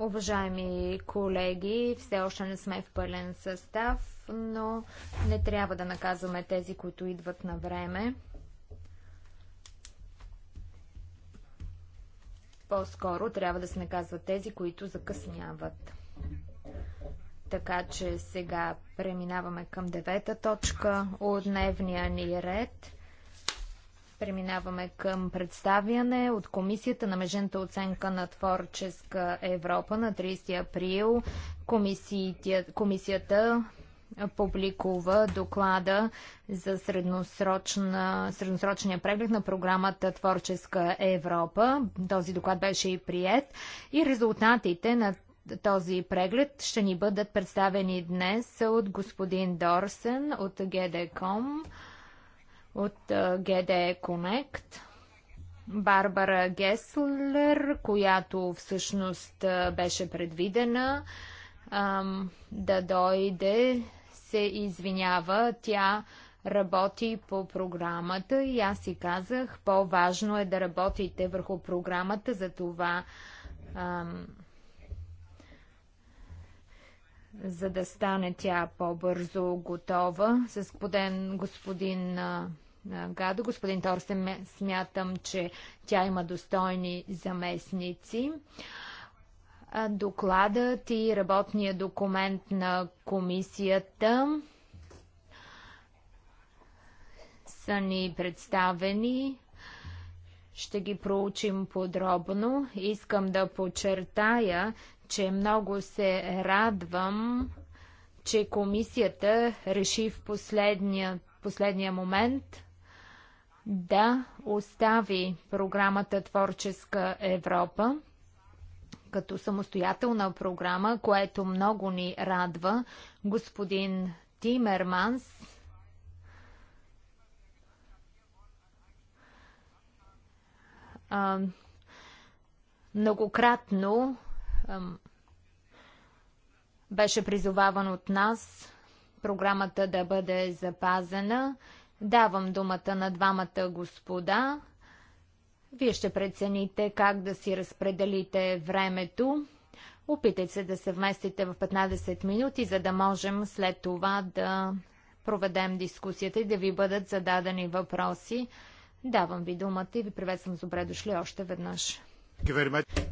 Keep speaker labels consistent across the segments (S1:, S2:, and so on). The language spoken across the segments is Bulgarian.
S1: Уважаеми колеги, все още не сме в пълен състав, но не трябва да наказваме тези, които идват на време. По-скоро трябва да се наказват тези, които закъсняват. Така че сега преминаваме към девета точка от дневния ни ред. Преминаваме към представяне от Комисията на межената оценка на творческа Европа на 30 април. Комисията, комисията публикува доклада за средносрочния преглед на програмата Творческа Европа. Този доклад беше и прият и резултатите на този преглед ще ни бъдат представени днес от господин Дорсен от GD.com от ГД Connect. Барбара Геслер, която всъщност беше предвидена да дойде, се извинява. Тя работи по програмата и аз си казах, по-важно е да работите върху програмата, за това за да стане тя по-бързо готова. С господин, господин Гадо. Господин Торсен смятам, че тя има достойни заместници. Докладът и работния документ на комисията са ни представени. Ще ги проучим подробно. Искам да подчертая, че много се радвам, че комисията реши в последния, последния момент да остави програмата Творческа Европа като самостоятелна програма, което много ни радва. Господин Тимерманс многократно беше призоваван от нас програмата да бъде запазена. Давам думата на двамата господа. Вие ще прецените как да си разпределите времето. Опитайте се да се вместите в 15 минути, за да можем след това да проведем дискусията и да ви бъдат зададени въпроси. Давам ви думата и ви приветствам с добре дошли още веднъж.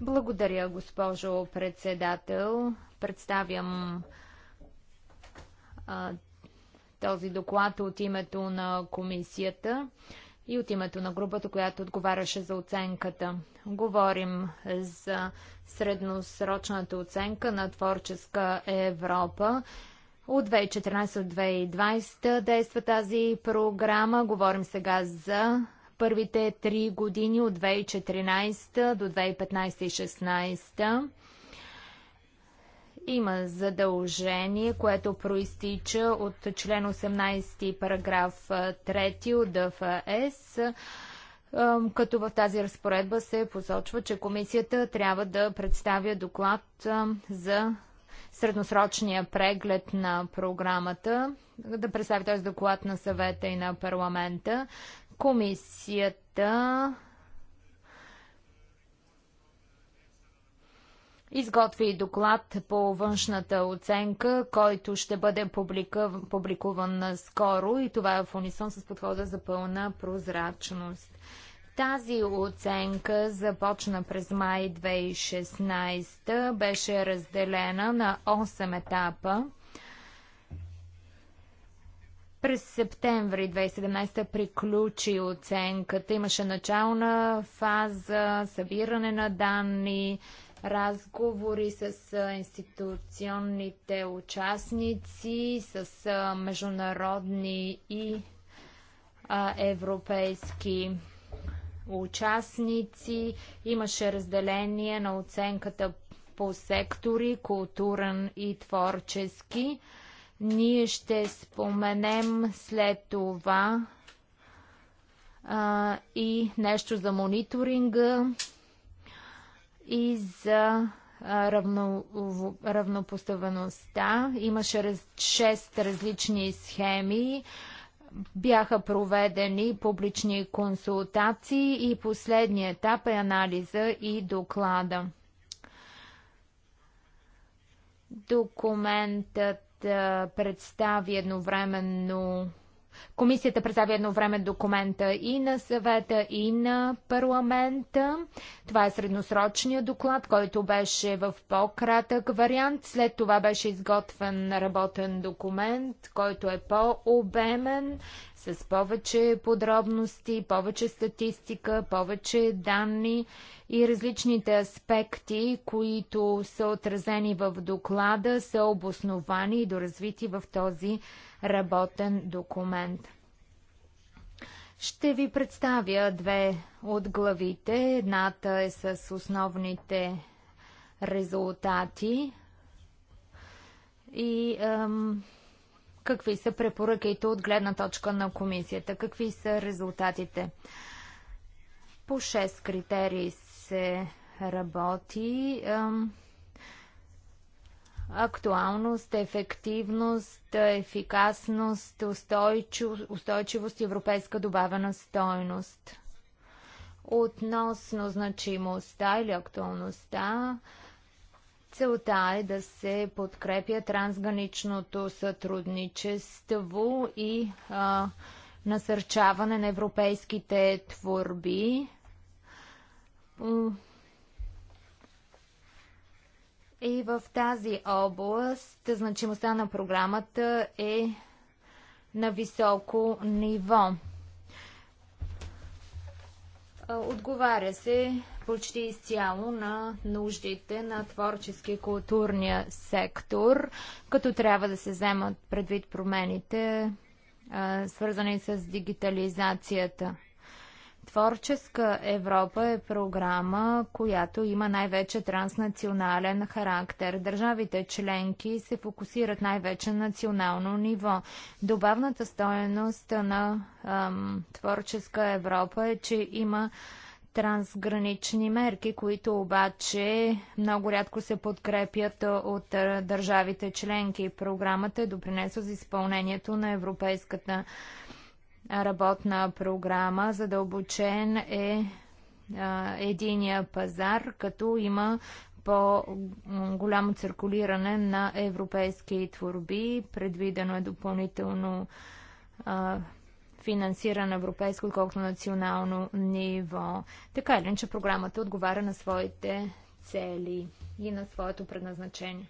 S1: Благодаря, госпожо председател. Представям а, този доклад от името на комисията и от името на групата, която отговаряше за оценката. Говорим за средносрочната оценка на творческа Европа. От 2014-2020 действа тази програма. Говорим сега за първите три години от 2014 до 2015 и 2016. Има задължение, което проистича от член 18 параграф 3 от ДФС, като в тази разпоредба се посочва, че комисията трябва да представя доклад за средносрочния преглед на програмата, да представи този доклад на съвета и на парламента. Комисията изготви доклад по външната оценка, който ще бъде публикуван скоро и това е в унисон с подхода за пълна прозрачност. Тази оценка започна през май 2016, беше разделена на 8 етапа. През септември 2017 приключи оценката. Имаше начална фаза, събиране на данни, разговори с институционните участници, с международни и европейски участници. Имаше разделение на оценката по сектори, културен и творчески. Ние ще споменем след това а, и нещо за мониторинга, и за равно, равнопоставеността. Имаше раз, 6 различни схеми. Бяха проведени публични консултации и последният етап е анализа и доклада. Документът представи едновременно Комисията представи едно време документа и на съвета, и на парламента. Това е средносрочния доклад, който беше в по-кратък вариант. След това беше изготвен работен документ, който е по-обемен, с повече подробности, повече статистика, повече данни и различните аспекти, които са отразени в доклада, са обосновани и доразвити в този работен документ. Ще ви представя две от главите. Едната е с основните резултати и ем, какви са препоръките от гледна точка на комисията, какви са резултатите. По 6 критерии се работи. Ем, актуалност, ефективност, ефикасност, устойчив, устойчивост и европейска добавена стойност. Относно значимостта или актуалността, целта е да се подкрепя трансграничното сътрудничество и а, насърчаване на европейските творби и в тази област значимостта на програмата е на високо ниво. Отговаря се почти изцяло на нуждите на творчески и културния сектор, като трябва да се вземат предвид промените, свързани с дигитализацията. Творческа Европа е програма, която има най-вече транснационален характер. Държавите членки се фокусират най-вече на национално ниво. Добавната стоеност на ам, Творческа Европа е, че има трансгранични мерки, които обаче много рядко се подкрепят от държавите членки. Програмата е допринесла за изпълнението на Европейската работна програма. Задълбочен е единия пазар, като има по-голямо циркулиране на европейски творби. Предвидено е допълнително а, финансиране на европейско, колкото национално ниво. Така или е, че програмата отговаря на своите цели и на своето предназначение.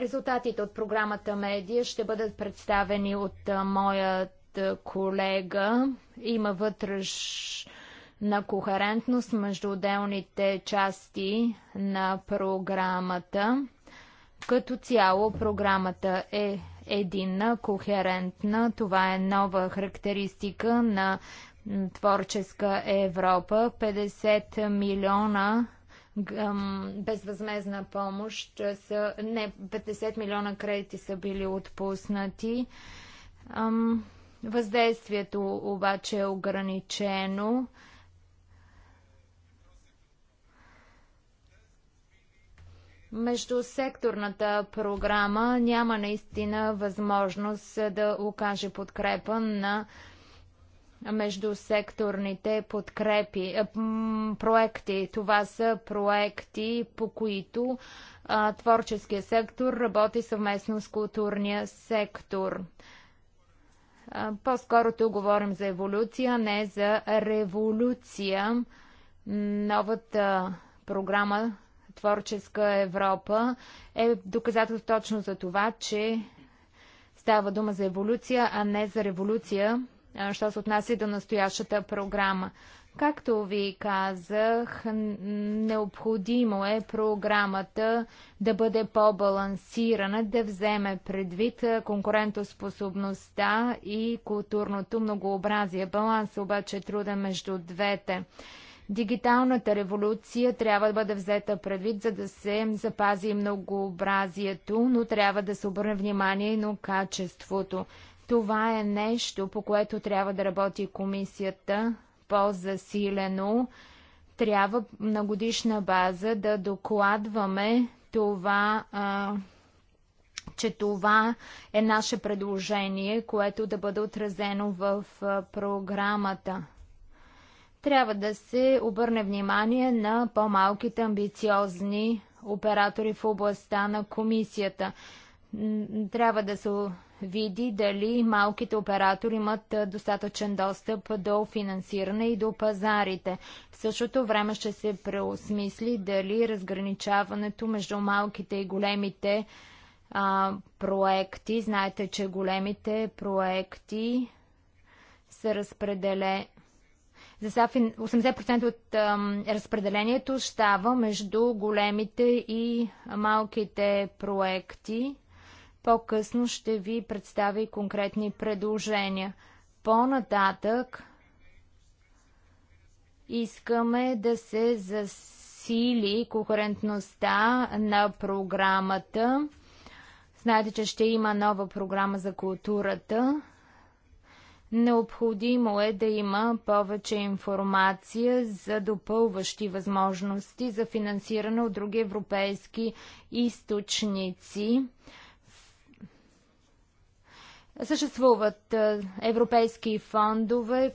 S1: Резултатите от програмата Медия ще бъдат представени от моят колега. Има вътрешна кохерентност между отделните части на програмата. Като цяло програмата е единна, кохерентна. Това е нова характеристика на творческа Европа. 50 милиона безвъзмезна помощ. Са, не, 50 милиона кредити са били отпуснати. Въздействието обаче е ограничено. Междусекторната програма няма наистина възможност да окаже подкрепа на между секторните подкрепи, е, проекти. Това са проекти, по които творческия сектор работи съвместно с културния сектор. По-скоро тук говорим за еволюция, не за революция. Новата програма Творческа Европа е доказателство точно за това, че става дума за еволюция, а не за революция що се отнася до настоящата програма. Както ви казах, необходимо е програмата да бъде по-балансирана, да вземе предвид конкурентоспособността и културното многообразие. Баланс обаче е труден между двете. Дигиталната революция трябва да бъде взета предвид, за да се запази многообразието, но трябва да се обърне внимание и на качеството. Това е нещо, по което трябва да работи комисията по-засилено. Трябва на годишна база да докладваме това, а, че това е наше предложение, което да бъде отразено в а, програмата. Трябва да се обърне внимание на по-малките амбициозни оператори в областта на комисията. Трябва да се види дали малките оператори имат достатъчен достъп до финансиране и до пазарите. В същото време ще се преосмисли дали разграничаването между малките и големите а, проекти. Знаете, че големите проекти са разпределени. За сега 80% от ам, разпределението става между големите и малките проекти. По-късно ще ви представя и конкретни предложения. По-нататък искаме да се засили кохерентността на програмата. Знаете, че ще има нова програма за културата. Необходимо е да има повече информация за допълващи възможности за финансиране от други европейски източници. Съществуват европейски фондове,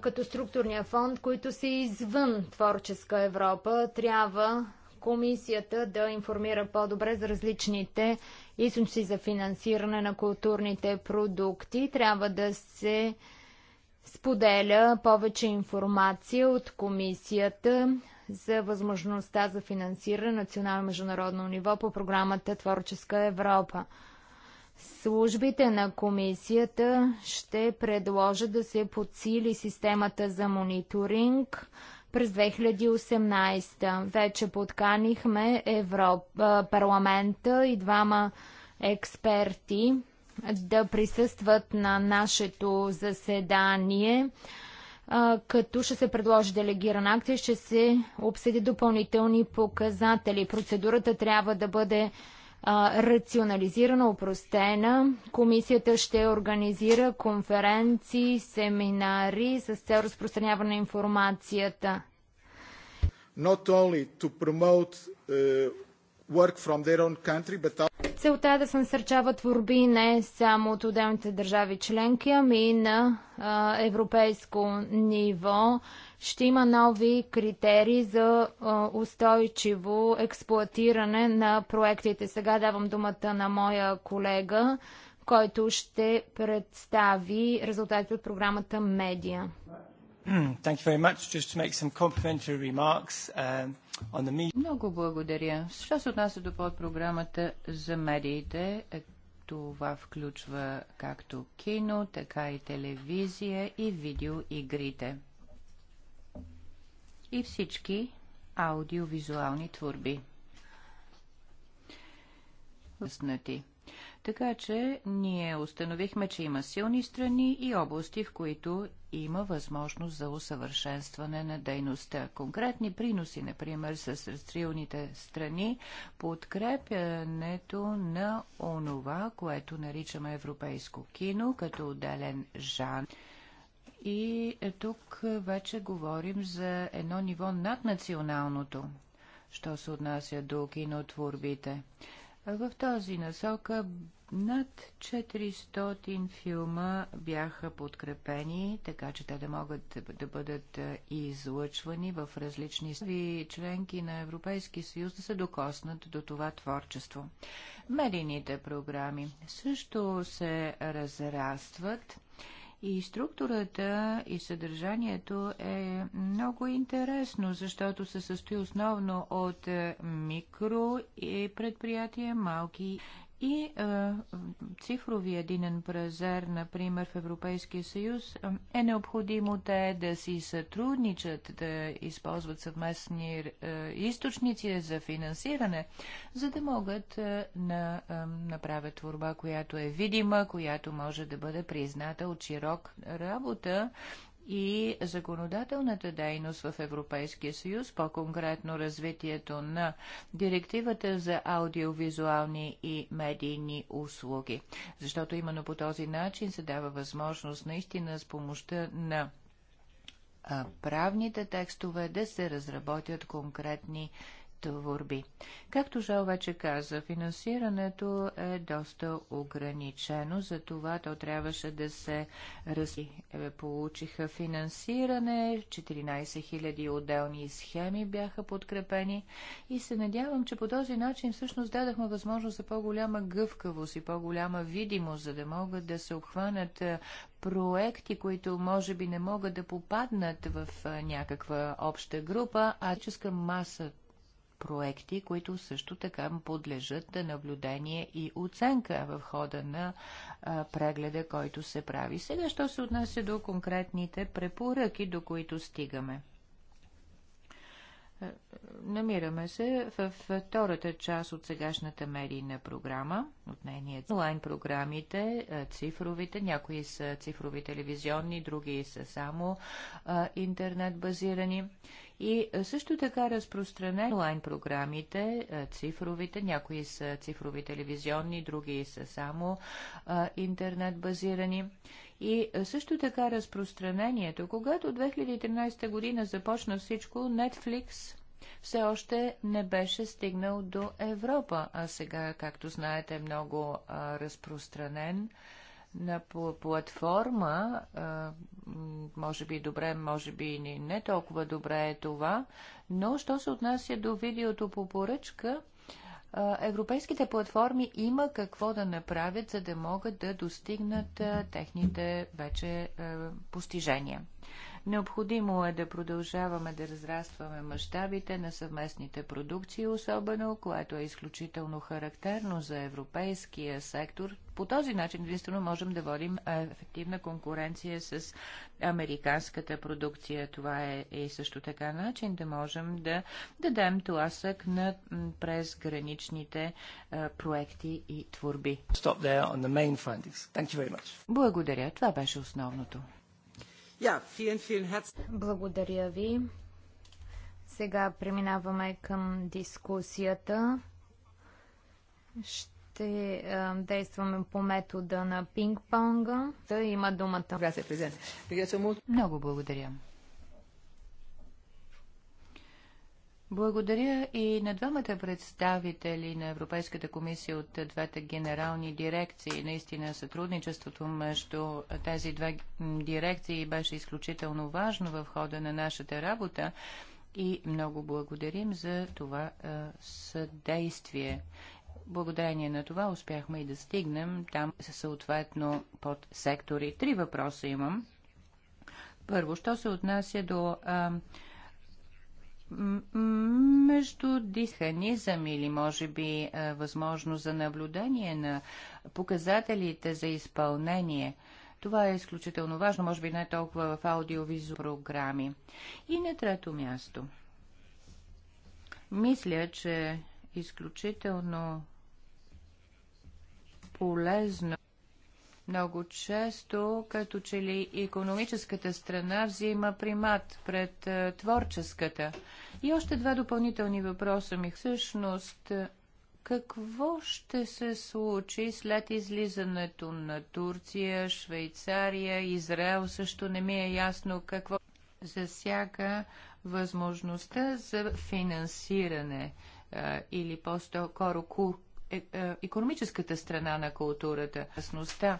S1: като структурния фонд, които са извън творческа Европа. Трябва комисията да информира по-добре за различните източници за финансиране на културните продукти. Трябва да се споделя повече информация от комисията за възможността за финансиране на национално и международно ниво по програмата Творческа Европа. Службите на комисията ще предложат да се подсили системата за мониторинг през 2018. Вече подканихме Европ... парламента и двама експерти да присъстват на нашето заседание, като ще се предложи делегиран акт и ще се обсъди допълнителни показатели. Процедурата трябва да бъде рационализирана, упростена. Комисията ще организира конференции, семинари с цел разпространяване на информацията.
S2: Not only to promote uh, But...
S1: Целта е да се насърчава творби не само от отделните държави членки, ами и на а, европейско ниво. Ще има нови критерии за а, устойчиво експлуатиране на проектите. Сега давам думата на моя колега, който ще представи резултатите от програмата Медиа.
S3: Hmm, thank you very much. Just to make some complimentary remarks um, on the media. Много благодаря. Що се отнася до подпрограмата за медиите, е, това включва както кино, така и телевизия и видеоигрите. И всички аудиовизуални творби. Така че ние установихме, че има силни страни и области, в които има възможност за усъвършенстване на дейността. Конкретни приноси, например, с стрилните страни, подкрепянето на онова, което наричаме европейско кино, като отделен Жан. И тук вече говорим за едно ниво над националното, що се отнася до кинотворбите. В този насока над 400 филма бяха подкрепени, така че те да могат да бъдат е, излъчвани в различни страни членки на Европейски съюз да се докоснат до това творчество. Медийните програми също се разрастват. И структурата и съдържанието е много интересно, защото се състои основно от е, микро и предприятия, малки и а, е, цифрови единен пазар, например, в Европейския съюз, е необходимо те да си сътрудничат, да използват съвместни а, е, източници за финансиране, за да могат да е, на, направят творба, която е видима, която може да бъде призната от широк работа и законодателната дейност в Европейския съюз, по-конкретно развитието на директивата за аудиовизуални и медийни услуги. Защото именно по този начин се дава възможност наистина с помощта на правните текстове да се разработят конкретни творби. Както Жал вече каза, финансирането е доста ограничено, затова то трябваше да се разви. Е, получиха финансиране, 14 000 отделни схеми бяха подкрепени и се надявам, че по този начин всъщност дадахме възможност за по-голяма гъвкавост и по-голяма видимост, за да могат да се обхванат е, проекти, които може би не могат да попаднат в е, някаква обща група, а ческа маса проекти, които също така подлежат на наблюдение и оценка в хода на прегледа, който се прави. Сега, що се отнася до конкретните препоръки, до които стигаме. Намираме се във втората част от сегашната медийна програма, от нейния онлайн програмите, цифровите, някои са цифрови телевизионни, други са само интернет базирани. И също така разпространени онлайн програмите, цифровите, някои са цифрови телевизионни, други са само интернет базирани. И е, също така разпространението. Когато 2013 година започна всичко, Netflix все още не беше стигнал до Европа, а сега, както знаете, е много а, разпространен на платформа, а, може би добре, може би не толкова добре е това, но що се отнася до видеото по поръчка, европейските платформи има какво да направят, за да могат да достигнат техните вече постижения. Необходимо е да продължаваме да разрастваме мащабите на съвместните продукции, особено, което е изключително характерно за европейския сектор. По този начин единствено можем да водим ефективна конкуренция с американската продукция. Това е и е също така начин да можем да дадем тласък на през граничните проекти и творби. Благодаря. Това беше основното.
S1: Благодаря ви. Сега преминаваме към дискусията. Ще е, действаме по метода на пинг-понга. Та има думата. Много благодаря.
S3: Благодаря и на двамата представители на Европейската комисия от двете генерални дирекции. Наистина сътрудничеството между тези две дирекции беше изключително важно в хода на нашата работа и много благодарим за това съдействие. Благодарение на това успяхме и да стигнем там съответно под сектори. Три въпроса имам. Първо, що се отнася до а, между диханизъм или може би е, възможно за наблюдение на показателите за изпълнение. Това е изключително важно, може би не толкова в аудиовизу програми. И на трето място. Мисля, че изключително полезно много често, като че ли економическата страна взима примат пред е, творческата. И още два допълнителни въпроса ми. Всъщност, е, какво ще се случи след излизането на Турция, Швейцария, Израел? Също не ми е ясно какво засяга възможността за финансиране а, е, или по-скоро е, е, економическата страна на културата, ясността.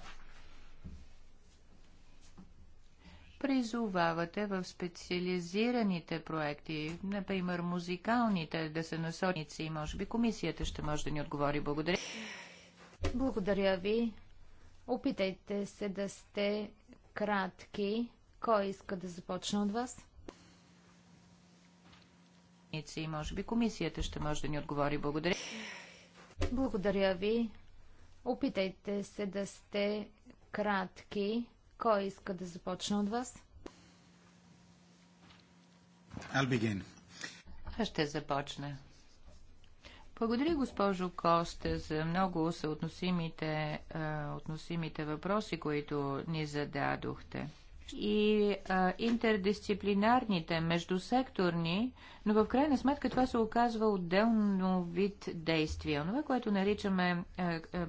S3: Призовавате в специализираните проекти, например музикалните, да са насочници и може би комисията ще може да ни отговори. Благодаря.
S1: Благодаря ви. Опитайте се да сте кратки. Кой иска да започне от вас?
S3: и може би комисията ще може да ни отговори. Благодаря.
S1: Благодаря ви. Опитайте се да сте кратки. Кой иска да започне от вас? Аз ще започна.
S3: Благодаря, госпожо Косте за много съотносимите, е, относимите въпроси, които ни зададохте и а, интердисциплинарните, междусекторни, но в крайна сметка това се оказва отделно вид действие. Това, което наричаме а, а,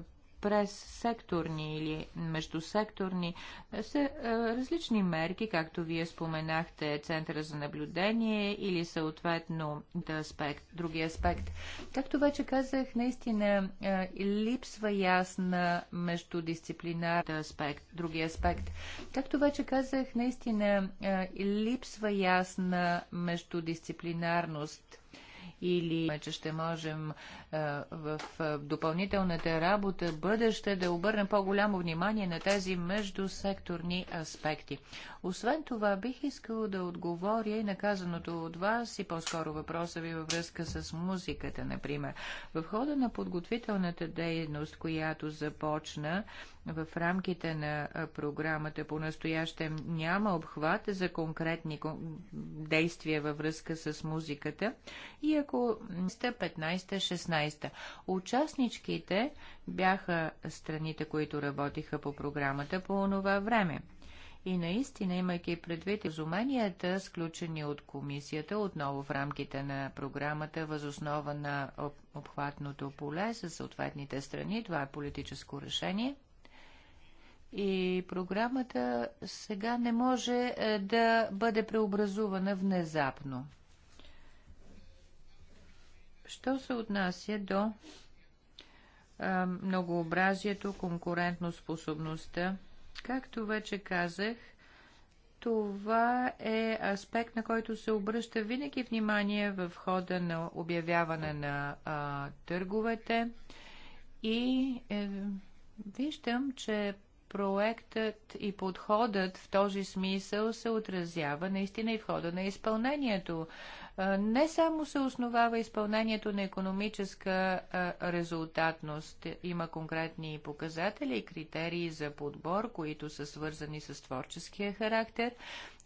S3: през секторни или междусекторни, е, са е, различни мерки, както вие споменахте, Центъра за наблюдение или съответно да аспект, други аспект. Както вече казах, наистина е, липсва ясна да аспект, други аспект. Както вече казах, наистина липсва ясна междудисциплинарност или че ще можем е, в е, допълнителната работа бъдеще да обърнем по-голямо внимание на тези междусекторни аспекти. Освен това, бих искал да отговоря и наказаното от вас и по-скоро въпроса ви във връзка с музиката, например. В хода на подготвителната дейност, която започна, в рамките на програмата по настоящем няма обхват за конкретни действия във връзка с музиката. И ако 15-16 участничките бяха страните, които работиха по програмата по онова време. И наистина, имайки предвид изуменията, сключени от комисията, отново в рамките на програмата, възоснова на обхватното поле със съответните страни, това е политическо решение – и програмата сега не може е, да бъде преобразувана внезапно. Що се отнася до а, е, многообразието, конкурентно способността, както вече казах, това е аспект, на който се обръща винаги внимание в хода на обявяване на а, търговете и е, виждам, че проектът и подходът в този смисъл се отразява наистина и в хода на изпълнението не само се основава изпълнението на економическа резултатност. Има конкретни показатели и критерии за подбор, които са свързани с творческия характер.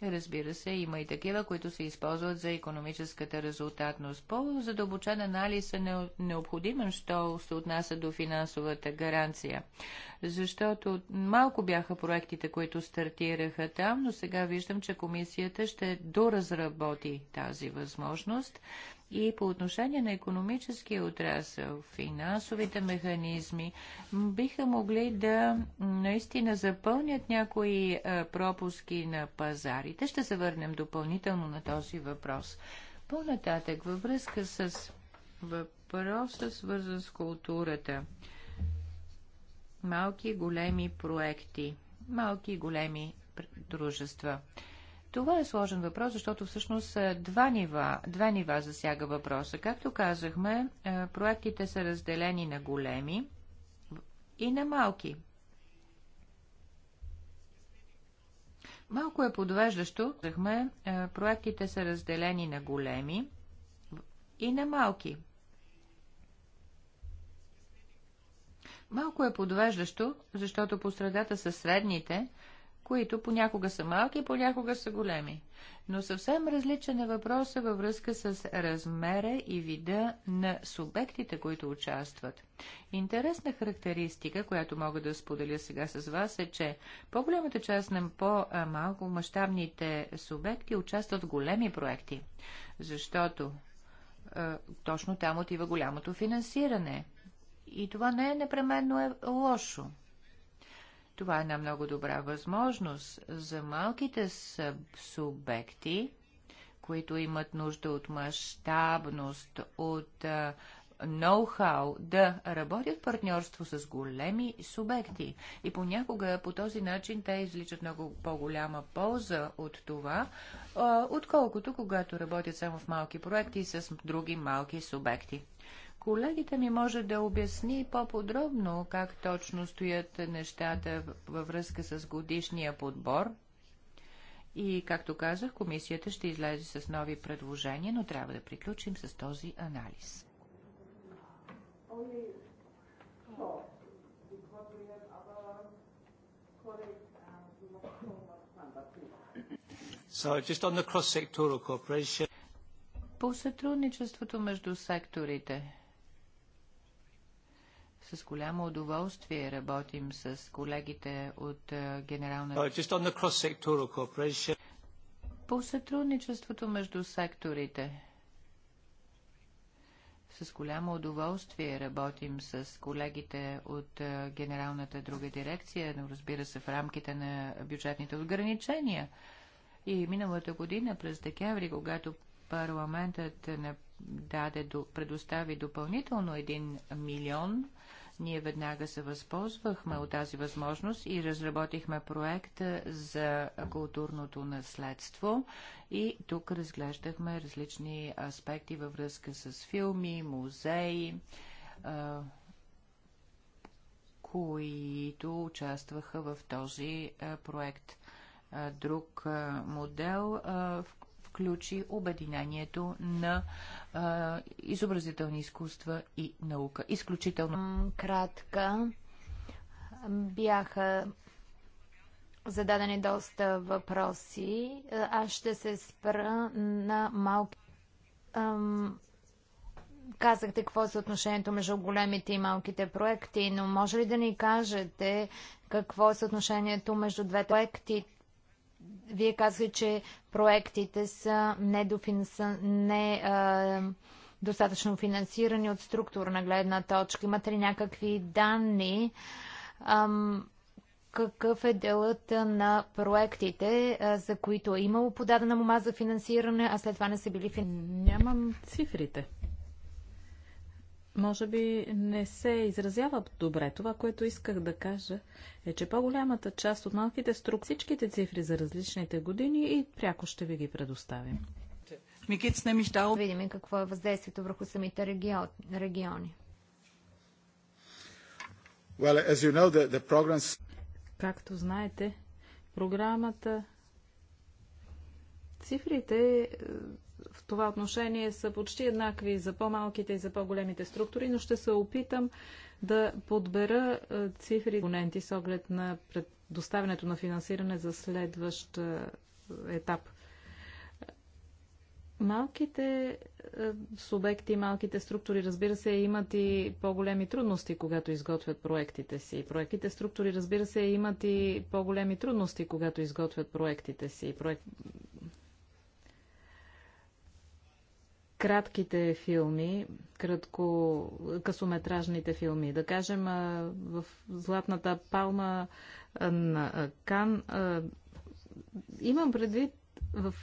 S3: Разбира се, има и такива, които се използват за економическата резултатност. По-задълбочен анализ е необходим, що се отнася до финансовата гаранция. Защото малко бяха проектите, които стартираха там, но сега виждам, че комисията ще доразработи тази възможност възможност. И по отношение на економическия отрасъл, финансовите механизми биха могли да наистина запълнят някои пропуски на пазарите. Ще се върнем допълнително на този въпрос. По-нататък, във връзка с въпроса, свързан с културата, малки и големи проекти, малки и големи дружества – това е сложен въпрос, защото всъщност е, два нива, два нива засяга въпроса. Както казахме, е, проектите са разделени на големи и на малки. Малко е подвеждащо. Казахме, е, проектите са разделени на големи и на малки. Малко е подвеждащо, защото по средата са средните, които понякога са малки, понякога са големи. Но съвсем различен е въпросът във връзка с размера и вида на субектите, които участват. Интересна характеристика, която мога да споделя сега с вас е, че по-голямата част на по-малко мащабните субекти участват в големи проекти, защото е, точно там отива голямото финансиране. И това не е непременно е лошо. Това е една много добра възможност за малките субекти, които имат нужда от мащабност, от ноу-хау, да работят в партньорство с големи субекти. И понякога по този начин те изличат много по-голяма полза от това, отколкото когато работят само в малки проекти с други малки субекти колегите ми може да обясни по-подробно как точно стоят нещата във връзка с годишния подбор. И, както казах, комисията ще излезе с нови предложения, но трябва да приключим с този анализ. Um, so, just on the cross-sectoral cooperation, по сътрудничеството между секторите. С голямо удоволствие работим с колегите от е, Генерална... По сътрудничеството между секторите. С голямо удоволствие работим с колегите от е, Генералната друга дирекция, но разбира се в рамките на бюджетните ограничения. И миналата година, през декември, когато парламентът даде, предостави допълнително 1 милион ние веднага се възползвахме от тази възможност и разработихме проекта за културното наследство и тук разглеждахме различни аспекти във връзка с филми, музеи, които участваха в този проект. Друг модел в включи обединението на а, изобразителни изкуства и наука.
S1: Изключително. Кратка. Бяха зададени доста въпроси. Аз ще се спра на малки. Ам... Казахте какво е съотношението между големите и малките проекти, но може ли да ни кажете какво е съотношението между двете проекти? Вие казахте, че проектите са недостатъчно не, достатъчно финансирани от структурна гледна точка. Имате ли някакви данни? какъв е делът на проектите, за които е имало подадена мума за финансиране, а след това не са били финансирани? Нямам цифрите
S2: може би не се изразява добре. Това, което исках да кажа, е, че по-голямата част от малките струк, всичките цифри за различните години и пряко ще ви ги предоставим.
S1: Видим какво е въздействието върху самите региони.
S2: Well, as you know, the, the programs... Както знаете, програмата цифрите в това отношение са почти еднакви за по-малките и за по-големите структури, но ще се опитам да подбера цифри и компоненти с оглед на предоставянето на финансиране за следващ етап. Малките субекти, малките структури, разбира се, имат и по-големи трудности, когато изготвят проектите си. Проектите структури, разбира се, имат и по-големи трудности, когато изготвят проектите си. Проект... кратките филми, кратко, късометражните филми. Да кажем, в Златната палма на Кан имам предвид в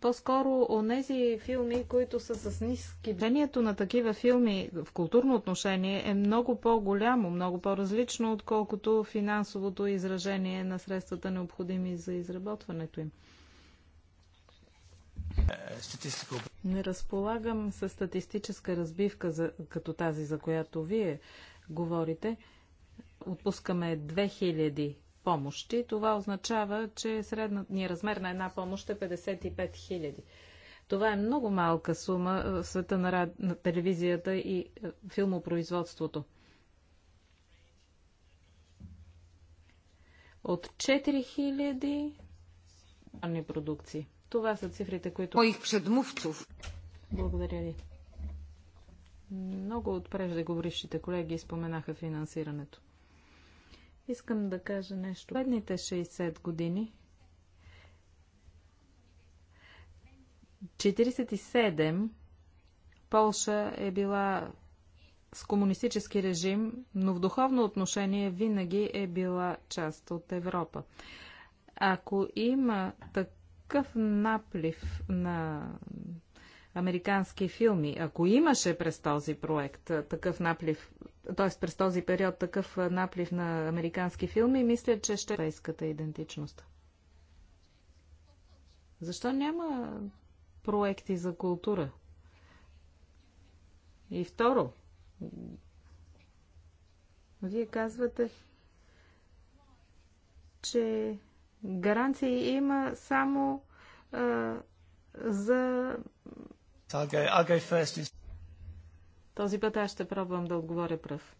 S2: по-скоро онези филми, които са с ниски. Влиянието на такива филми в културно отношение е много по-голямо, много по-различно, отколкото финансовото изражение на средствата необходими за изработването им. Не разполагам с статистическа разбивка, за, като тази, за която вие говорите. Отпускаме 2000 помощи. Това означава, че средният ни размер на една помощ е 55 000. Това е много малка сума в света на, на телевизията и е, филмопроизводството. От 4000 продукции. Това са цифрите, които... Моих предмувцов. Благодаря ви. Много от преждеговорившите колеги споменаха финансирането. Искам да кажа нещо. Предните 60 години 47 Полша е била с комунистически режим, но в духовно отношение винаги е била част от Европа. Ако има так такъв наплив на американски филми. Ако имаше през този проект такъв наплив, т.е. през този период такъв наплив на американски филми, мисля, че ще европейската идентичност. Защо няма проекти за култура? И второ, вие казвате, че Гаранции има само а, за.
S3: I'll go, I'll go first.
S2: Този път аз ще пробвам да отговоря пръв.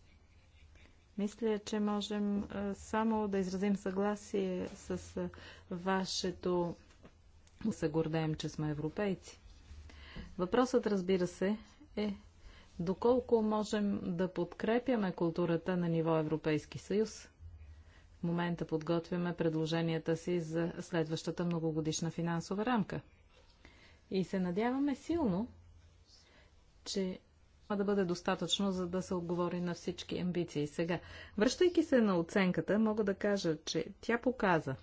S2: Мисля, че можем само да изразим съгласие с вашето да се гордеем, че сме европейци. Въпросът, разбира се, е доколко можем да подкрепяме културата на ниво Европейски съюз. В момента подготвяме предложенията си за следващата многогодишна финансова рамка. И се надяваме силно, че да бъде достатъчно, за да се отговори на всички амбиции. Сега, връщайки се на оценката, мога да кажа, че тя показа,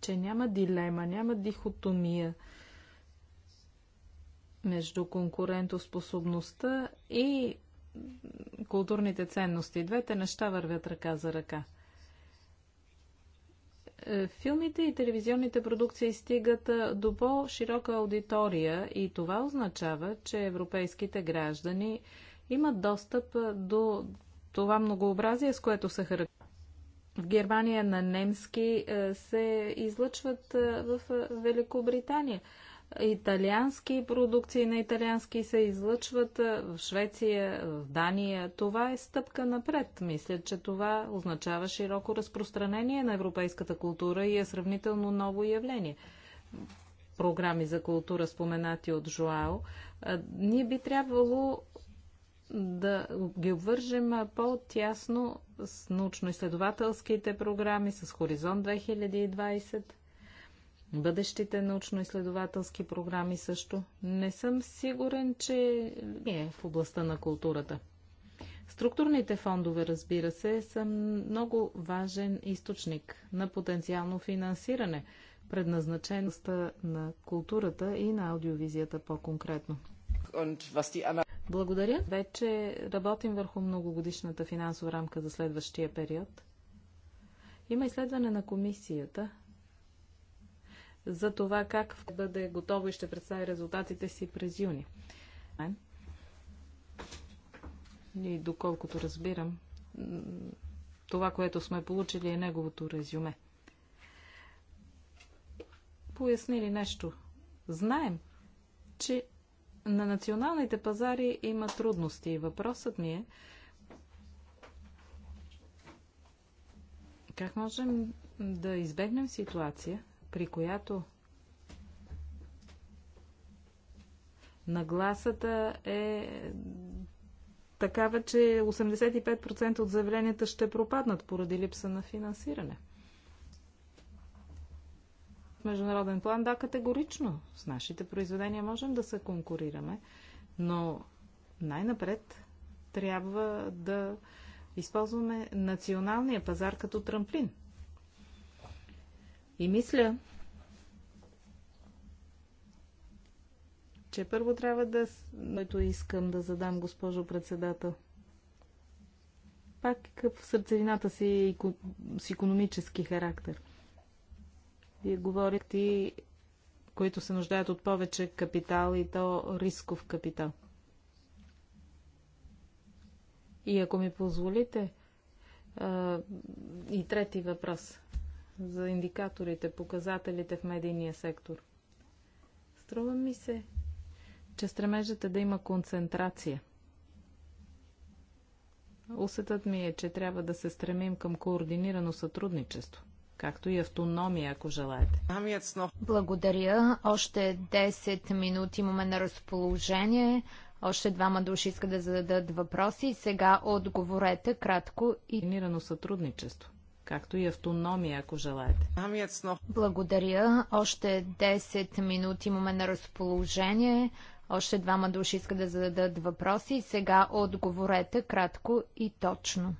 S2: че няма дилема, няма дихотомия между конкурентоспособността и културните ценности. Двете неща вървят ръка за ръка. Е, филмите и телевизионните продукции стигат е, до по-широка аудитория и това означава, че европейските граждани имат достъп е, до това многообразие, с което се характеризира. В Германия на немски се излъчват в Великобритания италиански продукции на италиански се излъчват в Швеция, в Дания. Това е стъпка напред. Мисля, че това означава широко разпространение на европейската култура и е сравнително ново явление. Програми за култура, споменати от Жоао. Ние би трябвало да ги обвържем по-тясно с научно-изследователските програми, с Хоризонт 2020 бъдещите научно-изследователски програми също. Не съм сигурен, че не е в областта на културата. Структурните фондове, разбира се, са много важен източник на потенциално финансиране, предназначеността на културата и на аудиовизията по-конкретно. Благодаря. Вече работим върху многогодишната финансова рамка за следващия период. Има изследване на комисията за това как ще бъде готово и ще представи резултатите си през юни. И доколкото разбирам, това, което сме получили е неговото резюме. Пояснили нещо. Знаем, че на националните пазари има трудности. Въпросът ми е как можем да избегнем ситуация, при която нагласата е такава, че 85% от заявленията ще пропаднат поради липса на финансиране. В международен план, да, категорично. С нашите произведения можем да се конкурираме, но най-напред трябва да използваме националния пазар като трамплин – и мисля, че първо трябва да... Което искам да задам, госпожо председател. Пак в сърцевината си с економически характер. Вие говорите, които се нуждаят от повече капитал и то рисков капитал. И ако ми позволите, а, и трети въпрос – за индикаторите, показателите в медийния сектор. Струва ми се, че стремежът е да има концентрация. Усетът ми е, че трябва да се стремим към координирано сътрудничество както и автономия, ако желаете.
S1: Благодаря. Още 10 минути имаме на разположение. Още двама души искат да зададат въпроси. Сега отговорете кратко и... Координирано сътрудничество
S2: както и автономия, ако желаете.
S1: Благодаря. Още 10 минути имаме на разположение. Още двама души искат да зададат въпроси. Сега отговорете кратко и точно.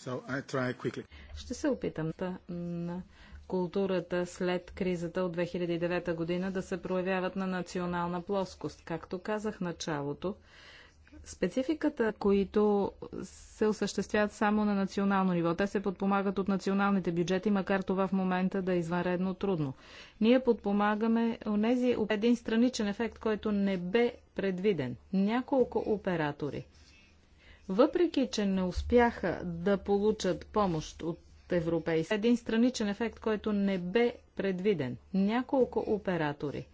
S2: So Ще се опитам да, на културата след кризата от 2009 година да се проявяват на национална плоскост. Както казах началото, спецификата, които се осъществяват само на национално ниво. Те се подпомагат от националните бюджети, макар това в момента да е извънредно трудно. Ние подпомагаме онези един страничен ефект, който не бе предвиден. Няколко оператори. Въпреки, че не успяха да получат помощ от европейски, един страничен ефект, който не бе предвиден. Няколко оператори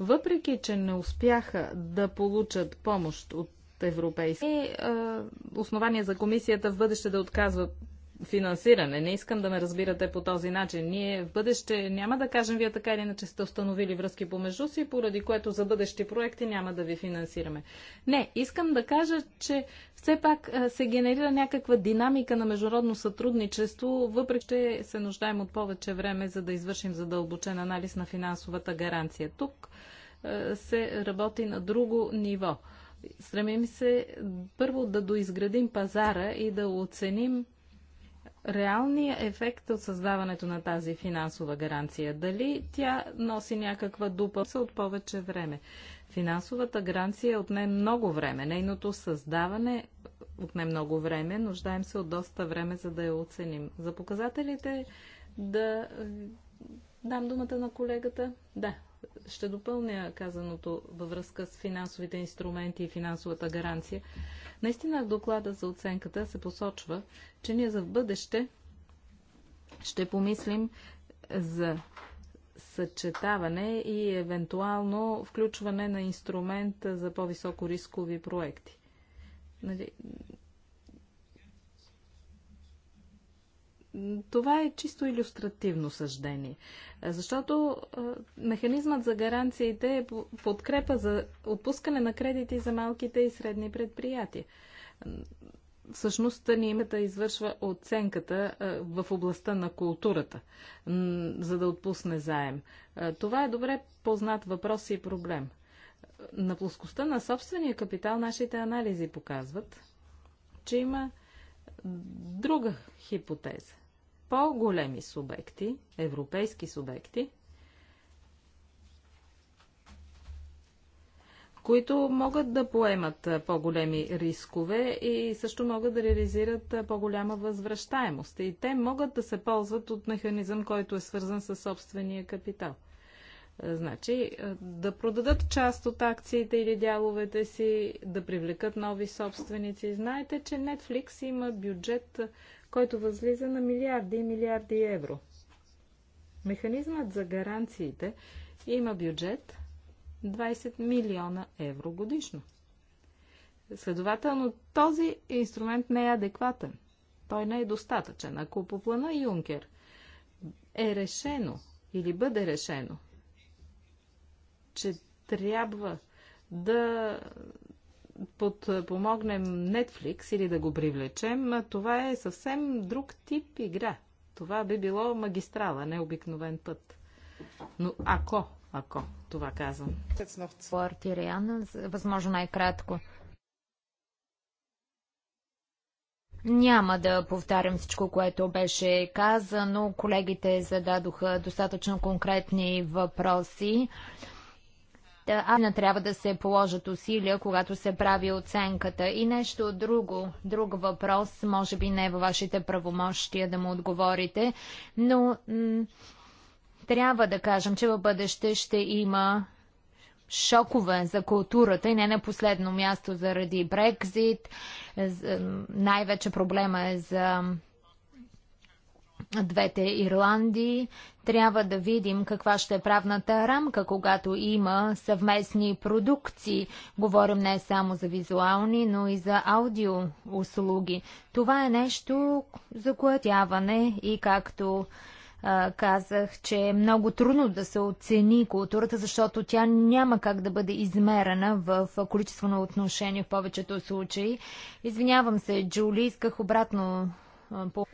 S2: въпреки че не успяха да получат помощ от европейски, е, е, основания за комисията в бъдеще да отказва финансиране. Не искам да ме разбирате по този начин. Ние в бъдеще няма да кажем, вие така или иначе сте установили връзки помежду си, поради което за бъдещи проекти няма да ви финансираме. Не, искам да кажа, че все пак се генерира някаква динамика на международно сътрудничество, въпреки че се нуждаем от повече време, за да извършим задълбочен анализ на финансовата гаранция. Тук се работи на друго ниво. Стремим се първо да доизградим пазара и да оценим реалния ефект от създаването на тази финансова гаранция? Дали тя носи някаква дупа от повече време? Финансовата гаранция е отне много време. Нейното създаване е отне много време. Нуждаем се от доста време, за да я оценим. За показателите да е, дам думата на колегата. Да, ще допълня казаното във връзка с финансовите инструменти и финансовата гаранция. Наистина в доклада за оценката се посочва, че ние за в бъдеще ще помислим за съчетаване и евентуално включване на инструмент за по-високо рискови проекти. Нали, Това е чисто иллюстративно съждение, е, защото е, механизмът за гаранциите е подкрепа за отпускане на кредити за малките и средни предприятия. Всъщност, е, нимета извършва оценката в областта на културата, за да отпусне заем. Това е добре познат въпрос и проблем. На плоскостта на собствения капитал нашите анализи показват, че има друга хипотеза по-големи субекти, европейски субекти, които могат да поемат по-големи рискове и също могат да реализират по-голяма възвръщаемост. И те могат да се ползват от механизъм, който е свързан с собствения капитал. Значи да продадат част от акциите или дяловете си, да привлекат нови собственици. Знаете, че Netflix има бюджет който възлиза на милиарди и милиарди евро. Механизмът за гаранциите има бюджет 20 милиона евро годишно. Следователно, този инструмент не е адекватен. Той не е достатъчен. Ако по плана Юнкер е решено или бъде решено, че трябва да подпомогнем Netflix или да го привлечем, това е съвсем друг тип игра. Това би било магистрала, не обикновен път. Но ако, ако, това
S1: казвам. Артириана, възможно най-кратко. Няма да повтарям всичко, което беше казано. Колегите зададоха достатъчно конкретни въпроси а трябва да се положат усилия, когато се прави оценката. И нещо друго, друг въпрос, може би не е във вашите правомощия да му отговорите, но трябва да кажем, че във бъдеще ще има шокове за културата и не на последно място заради Брекзит. Най-вече проблема е за двете Ирландии. Трябва да видим каква ще е правната рамка, когато има съвместни продукции. Говорим не само за визуални, но и за аудио услуги. Това е нещо за заклатяване и както а, казах, че е много трудно да се оцени културата, защото тя няма как да бъде измерена в количествено отношение в повечето случаи. Извинявам се, Джули, исках обратно а, по...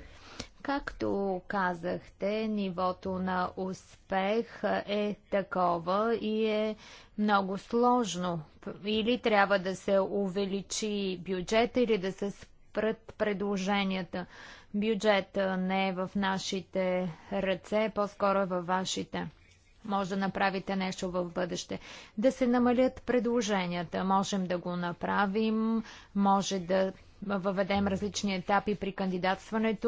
S1: Както казахте, нивото на успех е такова и е много сложно. Или трябва да се увеличи бюджета, или да се спрат предложенията. Бюджета не е в нашите ръце, по-скоро е във вашите. Може да направите нещо в бъдеще. Да се намалят предложенията. Можем да го направим, може да въведем различни етапи при кандидатстването